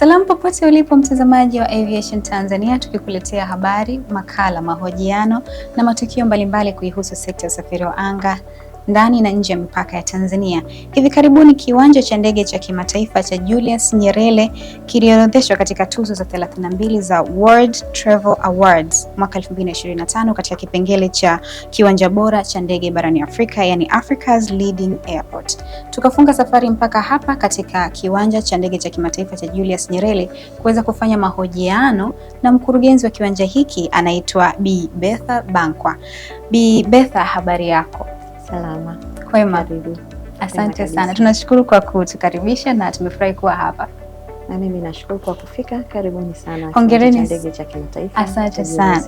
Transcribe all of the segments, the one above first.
Salamu popote ulipo mtazamaji wa Aviation Tanzania, tukikuletea habari, makala, mahojiano na matukio mbalimbali kuihusu sekta ya usafiri wa anga ndani na nje ya mipaka ya Tanzania. Hivi karibuni kiwanja cha ndege cha kimataifa cha Julius Nyerere kiliorodheshwa katika tuzo za 32 za World Travel Awards mwaka 2025 katika kipengele cha kiwanja bora cha ndege barani Afrika, yani Africa's Leading Airport. Tukafunga safari mpaka hapa katika kiwanja cha ndege cha kimataifa cha Julius Nyerere kuweza kufanya mahojiano na mkurugenzi wa kiwanja hiki anaitwa Bi Betha Bankwa. Bi Betha, habari yako? Salama. Kwema. Karibu. Asante sana, tunashukuru kwa kutukaribisha na tumefurahi kuwa hapa. Na mimi nashukuru kwa kufika. Karibuni sana. Hongereni ndege cha kimataifa. Asante sana,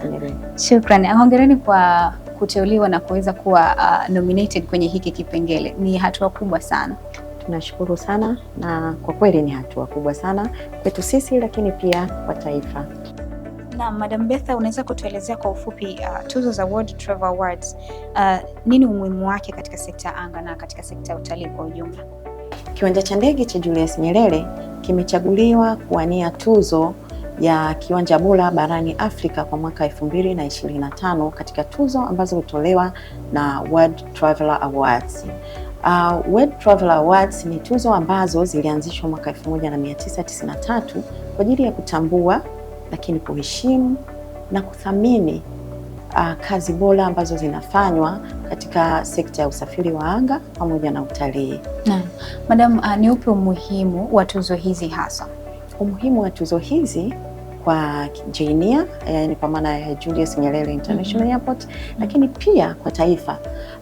shukrani. Hongereni kwa kuteuliwa na kuweza kuwa uh, nominated kwenye hiki kipengele, ni hatua kubwa sana. Tunashukuru sana, na kwa kweli ni hatua kubwa sana kwetu sisi, lakini pia kwa taifa. Na Madam Betha, unaweza kutuelezea kwa ufupi uh, tuzo za World Travel Awards uh, nini umuhimu wake katika sekta ya anga na katika sekta ya utalii kwa ujumla? Kiwanja cha ndege cha Julius Nyerere kimechaguliwa kuwania tuzo ya kiwanja bora barani Afrika kwa mwaka 2025 katika tuzo ambazo hutolewa na World Traveler Awards. Uh, World Traveler Awards ni tuzo ambazo zilianzishwa mwaka 1993 kwa ajili ya kutambua lakini kuheshimu na kuthamini uh, kazi bora ambazo zinafanywa katika sekta ya usafiri wa anga pamoja na utalii. madamu Madam, uh, ni upi umuhimu wa tuzo hizi hasa? Umuhimu wa tuzo hizi kwa JNIA yani eh, kwa maana ya Julius Nyerere International mm -hmm. Airport, lakini pia kwa taifa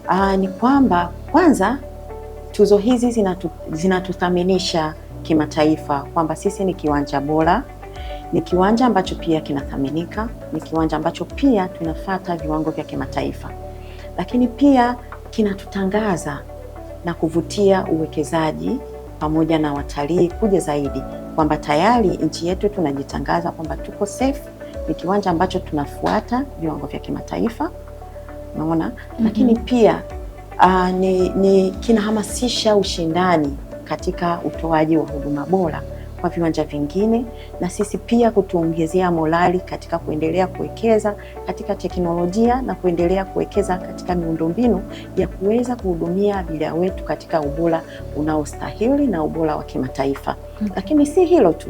uh, ni kwamba kwanza tuzo hizi zinatu, zinatuthaminisha kimataifa kwamba sisi ni kiwanja bora ni kiwanja ambacho pia kinathaminika, ni kiwanja ambacho pia tunafata viwango vya kimataifa, lakini pia kinatutangaza na kuvutia uwekezaji pamoja na watalii kuja zaidi, kwamba tayari nchi yetu tunajitangaza kwamba tuko safe, ni kiwanja ambacho tunafuata viwango vya kimataifa, unaona mm -hmm. Lakini pia uh, ni, ni kinahamasisha ushindani katika utoaji wa huduma bora kwa viwanja vingine, na sisi pia kutuongezea morali katika kuendelea kuwekeza katika teknolojia na kuendelea kuwekeza katika miundombinu ya kuweza kuhudumia abiria wetu katika ubora unaostahili na ubora wa kimataifa. -hmm. Lakini si hilo tu.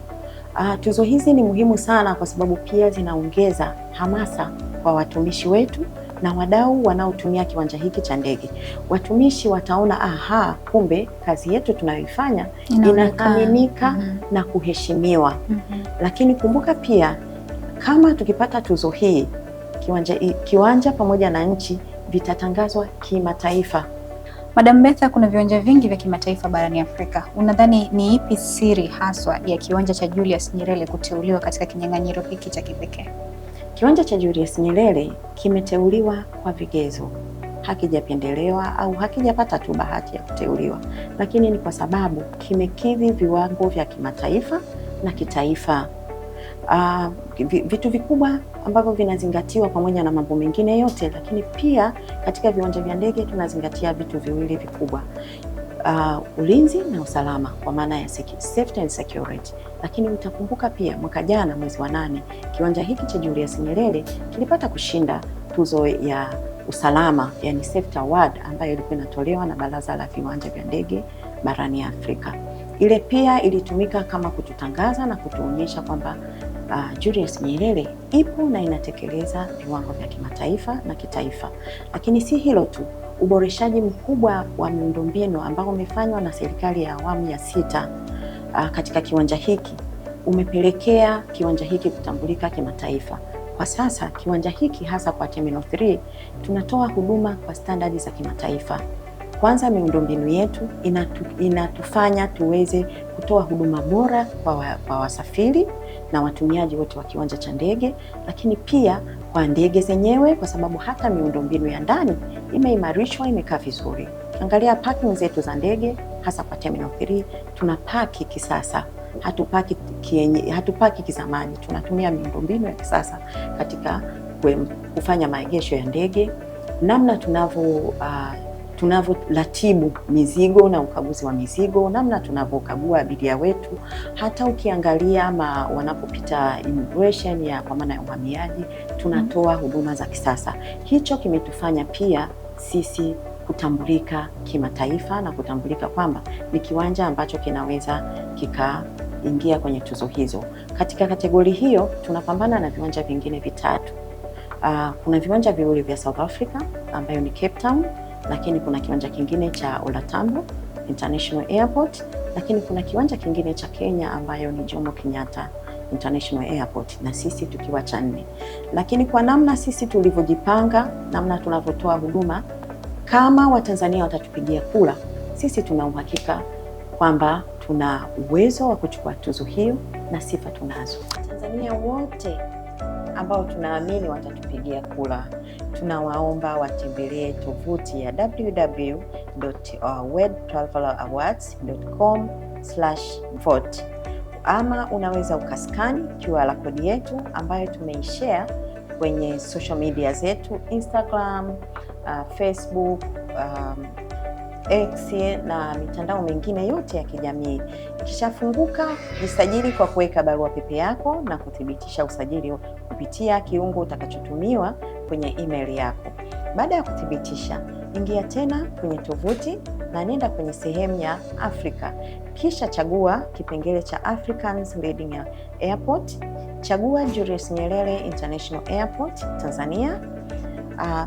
Uh, tuzo hizi ni muhimu sana kwa sababu pia zinaongeza hamasa kwa watumishi wetu na wadau wanaotumia kiwanja hiki cha ndege. Watumishi wataona aha, kumbe kazi yetu tunayoifanya inathaminika mm -hmm. na kuheshimiwa mm -hmm. Lakini kumbuka pia kama tukipata tuzo hii kiwanja, kiwanja pamoja na nchi vitatangazwa kimataifa. Madam Betha, kuna viwanja vingi vya kimataifa barani Afrika. Unadhani ni ipi siri haswa ya kiwanja cha Julius Nyerere kuteuliwa katika kinyang'anyiro hiki cha kipekee? Kiwanja cha Julius Nyerere kimeteuliwa kwa vigezo, hakijapendelewa au hakijapata tu bahati ya kuteuliwa, lakini ni kwa sababu kimekidhi viwango vya kimataifa na kitaifa. Uh, vitu vikubwa ambavyo vinazingatiwa pamoja na mambo mengine yote, lakini pia katika viwanja vya ndege tunazingatia vitu viwili vikubwa uh, ulinzi na usalama kwa maana ya safety and security. Lakini utakumbuka pia mwaka jana mwezi wa nane kiwanja hiki cha Julius Nyerere kilipata kushinda tuzo ya usalama yani safety award ambayo ilikuwa inatolewa na Baraza la Viwanja vya Ndege barani Afrika. Ile pia ilitumika kama kututangaza na kutuonyesha kwamba uh, Julius Nyerere ipo na inatekeleza viwango vya kimataifa na kitaifa. Lakini si hilo tu uboreshaji mkubwa wa miundombinu ambao umefanywa na serikali ya awamu ya sita a, ah, katika kiwanja hiki umepelekea kiwanja hiki kutambulika kimataifa. Kwa sasa kiwanja hiki hasa kwa Terminal 3 tunatoa huduma kwa standardi za kimataifa. Kwanza, miundombinu yetu inatu, inatufanya tuweze kutoa huduma bora kwa, wa, kwa wasafiri na watumiaji wote wa kiwanja cha ndege, lakini pia kwa ndege zenyewe, kwa sababu hata miundombinu ya ndani imeimarishwa, imekaa vizuri. Angalia parking zetu za ndege, hasa kwa Terminal 3 tuna paki kisasa, hatupaki kienye, hatupaki kizamani. Tunatumia miundombinu ya kisasa katika kufanya maegesho ya ndege, namna tunavyo uh, tunavyoratibu mizigo na ukaguzi wa mizigo, namna tunavyokagua abiria wetu. Hata ukiangalia ma wanapopita immigration ya kwa maana ya uhamiaji, tunatoa mm-hmm. huduma za kisasa. Hicho kimetufanya pia sisi kutambulika kimataifa na kutambulika kwamba ni kiwanja ambacho kinaweza kikaingia kwenye tuzo hizo. Katika kategori hiyo tunapambana na viwanja vingine vitatu. Uh, kuna viwanja viwili vya South Africa ambayo ni Cape Town lakini kuna kiwanja kingine cha Olatambo International Airport, lakini kuna kiwanja kingine cha Kenya ambayo ni Jomo Kenyatta International Airport na sisi tukiwa cha nne. Lakini kwa namna sisi tulivyojipanga, namna tunavyotoa huduma, kama Watanzania watatupigia kura, sisi tuna uhakika kwamba tuna uwezo wa kuchukua tuzo hiyo na sifa tunazo. Watanzania wote ambao tunaamini watatupigia kura tunawaomba watembelee tovuti ya www.worldtravelawards.com/vote ama unaweza ukaskani QR kodi yetu ambayo tumeishare kwenye social media zetu Instagram, uh, Facebook, um, X na mitandao mingine yote ya kijamii. Ikishafunguka, jisajili kwa kuweka barua pepe yako na kuthibitisha usajili kupitia kiungo utakachotumiwa kwenye email yako. Baada ya kuthibitisha, ingia tena kwenye tovuti na nenda kwenye sehemu ya Afrika, kisha chagua kipengele cha Africans Leading Airport, chagua Julius Nyerere International Airport Tanzania, uh,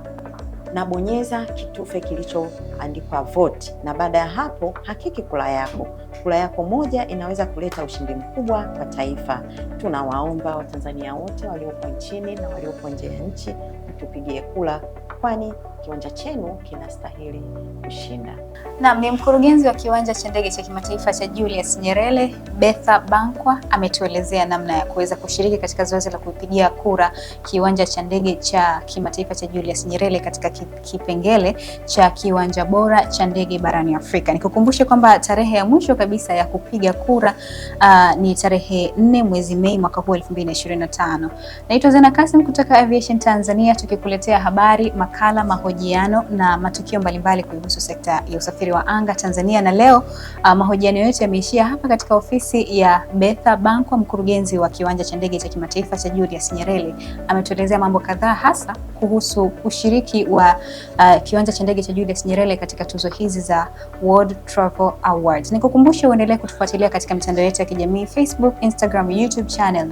na bonyeza kitufe kilichoandikwa vote, na baada ya hapo hakiki kura yako. Kura yako moja inaweza kuleta ushindi mkubwa kwa taifa. Tunawaomba Watanzania wote waliopo nchini na waliopo nje ya nchi tupigie kula, kwani kiwanja chenu kinastahili kushinda. Naam, ni mkurugenzi wa kiwanja cha ndege cha kimataifa cha Julius Nyerere Betha Bankwa ametuelezea namna ya kuweza kushiriki katika zoezi la kupigia kura kiwanja cha ndege cha kimataifa cha Julius Nyerere katika kipengele cha kiwanja bora cha ndege barani Afrika. Nikukumbushe kwamba tarehe ya mwisho kabisa ya kupiga kura uh, ni tarehe nne mwezi Mei mwaka huu 2025. Naitwa Zena Kasim kutoka Aviation Tanzania tukikuletea habari, makala, mahojiano mahojiano na matukio mbalimbali kuhusu sekta ya usafiri wa anga Tanzania, na leo uh, mahojiano yetu yameishia hapa katika ofisi ya Betha Banco. Mkurugenzi wa kiwanja cha ndege cha kimataifa cha Julius Nyerere ametuelezea mambo kadhaa, hasa kuhusu ushiriki wa uh, kiwanja cha ndege cha Julius Nyerere katika tuzo hizi za World Travel Awards. Nikukumbushe uendelee kutufuatilia katika mitandao yetu ya kijamii Facebook, Instagram, YouTube channel,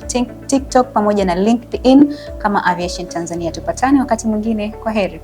TikTok pamoja na LinkedIn kama Aviation Tanzania. Tupatane wakati mwingine. Kwa heri.